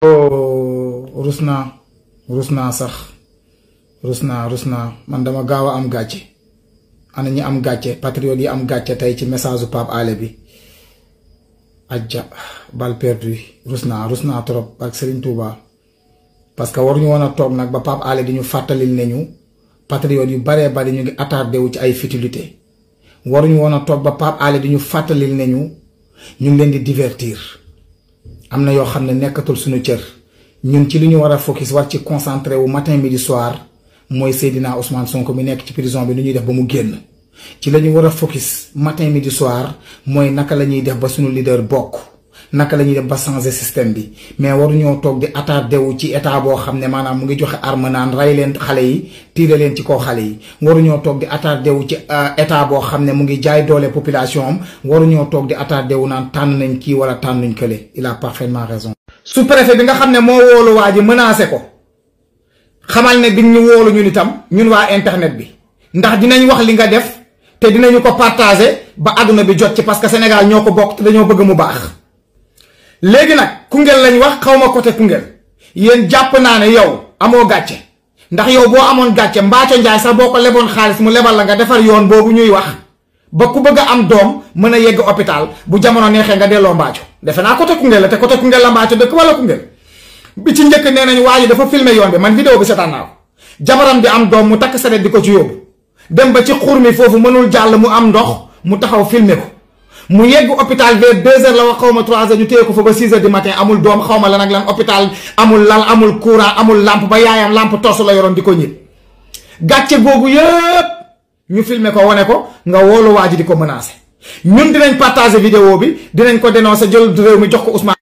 Oh, rus naa rus naa sax rus naa rus naa man dama gaaw a am gàcce na ñi am gàcce patriote yi am gàcce tey ci message u Pape bi ajja bal perdu rus naa rus naa trop ak Serigne Touba parce que waruñu woon a toog nag ba Pape Alé di ñu fàttalil nañu ñu yu baree bari ñu ngi attardé wu ci ay futilité waruñu woon a toog ba Pape Alé di ñu fàttalil nañu ñu ñu ngi leen di divertir am na yoo xam ne nekkatul suñu cër ñun ci li ñu war a focus war ci concentré wu matin midi soir mooy Seydina Ousmane Sonko mi nekk ci prison bi nu ñuy def ba mu génn ci la ñu war a focus matin midi soir mooy naka la ñuy def ba suñu leader bokk. naka la ñuy def ba changer système bi mais waruñoo toog di attardé wu ci état boo xam ne maanaam mu ngi joxe arme naan rey leen xale yi tiire leen ci kaw xale yi waruñoo toog di attardé wu ci euh, état boo xam ne mu ngi jaay doole population waruñoo toog di attardé wu naan tànn nañ kii wala tànn nañ kële il a parfaitement raison. su préfet bi nga xam ne moo wóolu waa ji menacé ko xamal ne bi ñu wóolu ñun itam ñun waa internet bi ndax dinañ wax li nga def te dinañu ko partager ba àdduna bi jot ci parce que Sénégal ñoo ko bokk te dañoo bëgg baax. léegi nag Koungheul lañu wax xaw ma côté Koungheul yéen jàpp naa ne yow amoo gàcce ndax yow boo amoon gàcce Mbathio Ndiaye sax boo ko leboon xaalis mu lebal la nga defar yoon boobu ñuy wax ba ku bëgg am doom mën a yegg hôpital bu jamono neexee nga delloo Mbathio defe naa côté Koungheul la te côté Koungheul la Mbathio dëkk wala Koungheul bi ci njëkk nee nañu waa ji dafa filme yoon bi man vidéo bi seetaan naa ko jabaram bi am doom mu takk saret di ko ci yóbbu dem ba ci xur foofu mënul jàll mu am ndox mu taxaw filmer mu yegg hôpital vers deux heures la wax xaw ma trois heures ñu téye ko fa six heures du matin amul doom xaw ma lan ak lan hôpital amul lal amul courant amul làmp ba yaayam lampe tos la yoroon di ko ñit gàcce googu yëpp ñu filmer ko wane ko nga woolu waa ji di ko menacer ñun dinañ partager vidéo bi dinañ ko dénoncer jël réew mi jox ko Ousmane.